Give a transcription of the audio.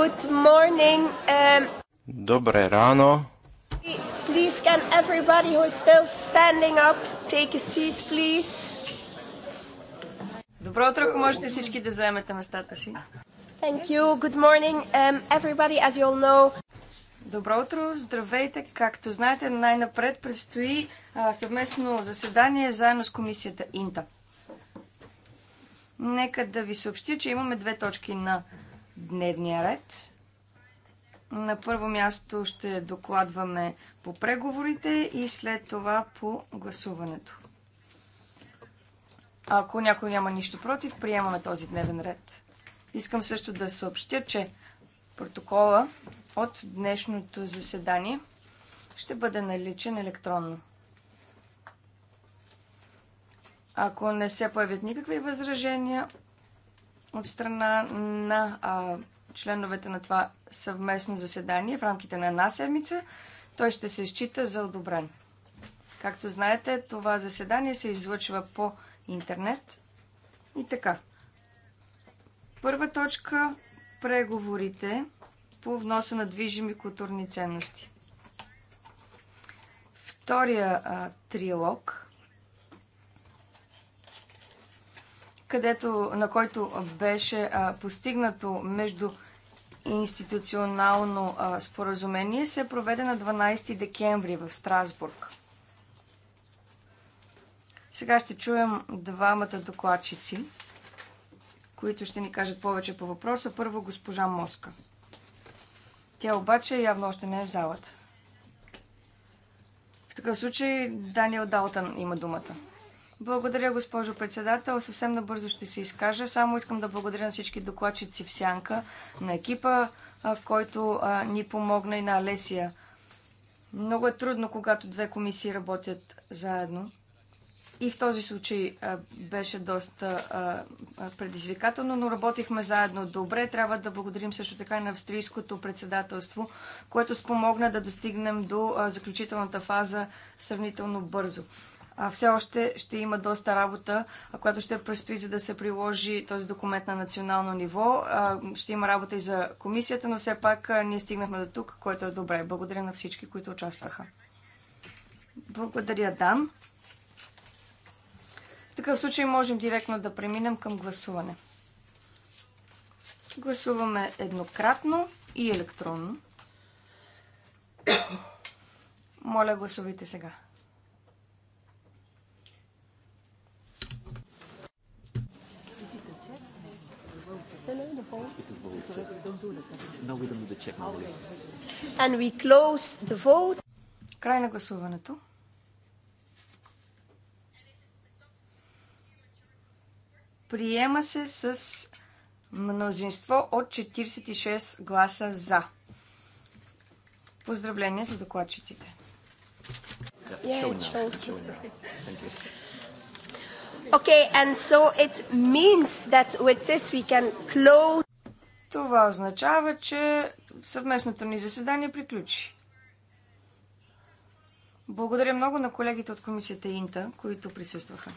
Good morning. Um, Dobré ráno. Please can everybody who is still standing up take a seat, please. Добро утро, ако можете всички да заемете местата си. Thank you. Good morning, um, everybody. As you all know, Добро утро, здравейте! Както знаете, най-напред предстои а, съвместно заседание заедно с комисията Инта. Нека да ви съобщя, че имаме две точки на дневния ред. На първо място ще докладваме по преговорите и след това по гласуването. Ако някой няма нищо против, приемаме този дневен ред. Искам също да съобщя, че протокола от днешното заседание ще бъде наличен електронно. Ако не се появят никакви възражения, от страна на а, членовете на това съвместно заседание в рамките на една седмица, той ще се счита за одобрен. Както знаете, това заседание се излъчва по интернет и така. Първа точка – преговорите по вноса на движими културни ценности. Втория а, трилог – където, на който беше а, постигнато между институционално а, споразумение, се проведе на 12 декември в Страсбург. Сега ще чуем двамата докладчици, които ще ни кажат повече по въпроса. Първо госпожа Моска. Тя обаче явно още не е в залата. В такъв случай Даниел Далтън има думата. Благодаря, госпожо председател. Съвсем набързо ще се изкажа. Само искам да благодаря на всички докладчици в Сянка, на екипа, който ни помогна и на Алесия. Много е трудно, когато две комисии работят заедно. И в този случай беше доста предизвикателно, но работихме заедно добре. Трябва да благодарим също така и на австрийското председателство, което спомогна да достигнем до заключителната фаза сравнително бързо все още ще има доста работа, която ще предстои за да се приложи този документ на национално ниво. Ще има работа и за комисията, но все пак ние стигнахме до тук, което е добре. Благодаря на всички, които участваха. Благодаря, Дан. В такъв случай можем директно да преминем към гласуване. Гласуваме еднократно и електронно. Моля, гласувайте сега. Край на гласуването. Приема се с мнозинство от 46 гласа за. Поздравления за докладчиците. Okay, and so it means that with this we can close... Това означава, че съвместното ни заседание приключи. Благодаря много на колегите от комисията Инта, които присъстваха.